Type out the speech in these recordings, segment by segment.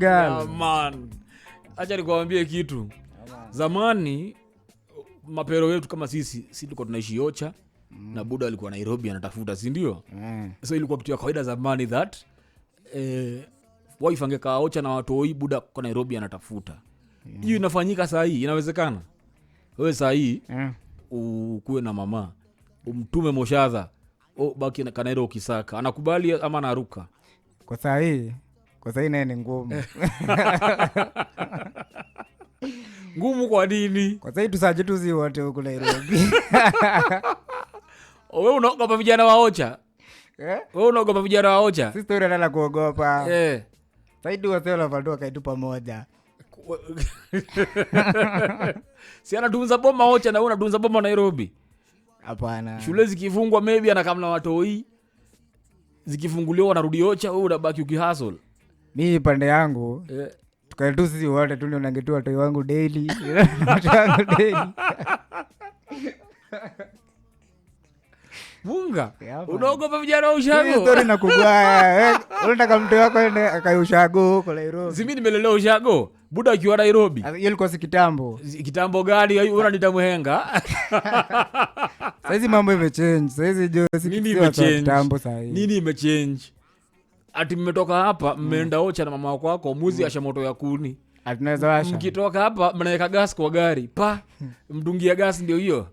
Man, acha nikuambie kitu. Zamani mapero wetu kama sisi si tulikuwa tunaishi Ocha mm. na buda alikuwa Nairobi anatafuta, sindio mm. so ilikuwa kitu ya kawaida zamani that eh, wife angekaa Ocha na watoi, buda kwa Nairobi anatafuta mm. hiyo. mm. inafanyika sahii inawezekana we sahii mm. ukuwe na mama umtume Moshadha oh, baki Kanairo ukisaka, anakubali ama anaruka kwa sahii kwa sahii naye ni ngumu eh. ngumu. Kwa nini? Kwa sahii tusaje tuzi wote huku Nairobi. Oh, we unaogopa vijana waocha eh? Wewe unaogopa vijana waocha? Si stori nala kuogopa eh. Saidi waselavadu wakaitu pamoja si anadunza boma ocha na wewe unadunza boma Nairobi? Hapana, shule zikifungwa maybe anakamna watoi, zikifunguliwa wanarudi ocha, wewe unabaki ukihasl mi pande yangu yeah. tukae sisi wote tu nionange tu watoi wangu daily wangu daily munga unaogopa vijana wa ushago kugwaya eh, unataka mtu wako ende akae ushago huko Nairobi zimi nimelelea ushago buda akiwa Nairobi hiyo ilikuwa si kitambo kitambo gani unanita mhenga saizi mambo imechange saizi jo si kitambo sahii nini imechange ati mmetoka hapa mm. mmeenda ocha na mama wako wako muzi mm. asha moto ya kuni ah, mkitoka hapa mnaweka gas kwa gari pa hmm. mdungia gas ndio hiyo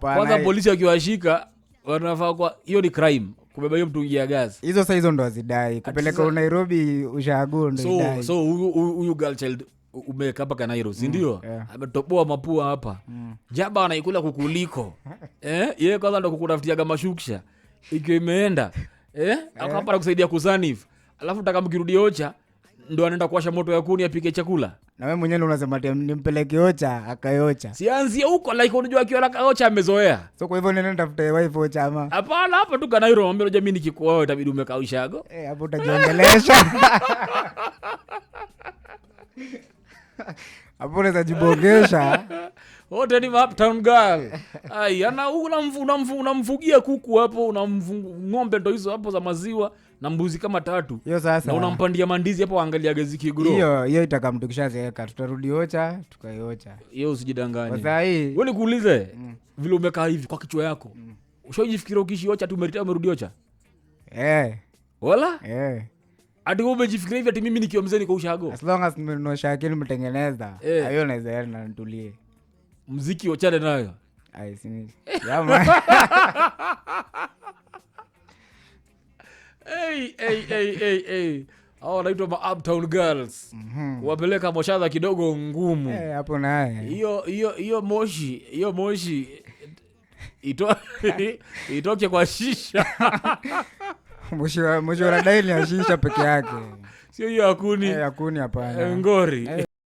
kwanza polisi akiwashika wanafaa kwa hiyo ni crime kubeba hiyo mtungi ya gas hizo sasa hizo ndo azidai kupeleka nairobi ushago ndo so huyu girl child umeweka hapa kanairo sindio mm, yeah. ametoboa mapua hapa mm. jaba anaikula kukuliko eh? yeye kwanza ndo kukutafutiaga mashuksha ikiwa imeenda eh, eh? akapata kusaidia kuzani hivi, alafu taka mkirudi Ocha ndo anaenda kuwasha moto ya kuni apike chakula. nawe wewe mwenyewe unasema nimpeleke Ocha akaocha. Sianzie huko like unajua akiwa kaocha amezoea. So kwa hivyo nenda tafute wife Ocha ama. Hapana, hapa tu kana hilo ambalo jamii nikikuwa wewe itabidi umekaushago. Eh, hapo utajiongelesha. Hapo unaweza jibogesha wote ni uptown girl. Ai, ana unamvugia kuku hapo, ng'ombe ndo hizo hapo za maziwa na mbuzi kama tatu. Na unampandia mandizi hapo angalia gezi kigro. Hiyo hiyo itaka mtu tutarudi ocha, tukaiocha. Hiyo usijidanganye. Kwa sasa hii. Wewe nikuulize mm. vile umekaa hivi kwa kichwa yako. Mm. Ushajifikiria ukiishi ocha tu umerudi umerudi ocha? Eh. Wala? Eh. Ati wewe umejifikiria hivi ati mimi nikiwa mzee niko ushago. As long as mmenosha akili mtengeneza. Hiyo eh. naweza yana nitulie mziki wachane nayo hey, wanaitwa ma girls mm -hmm. Wapeleka moshadha kidogo ngumu eh, hapo hey, naye hiyo hiyo hiyo moshi hiyo moshi ito, itoke kwa shisha moshi wa daili ya shisha peke yake, sio hiyo akuni eh, akuni, hapana eh, ngori hey.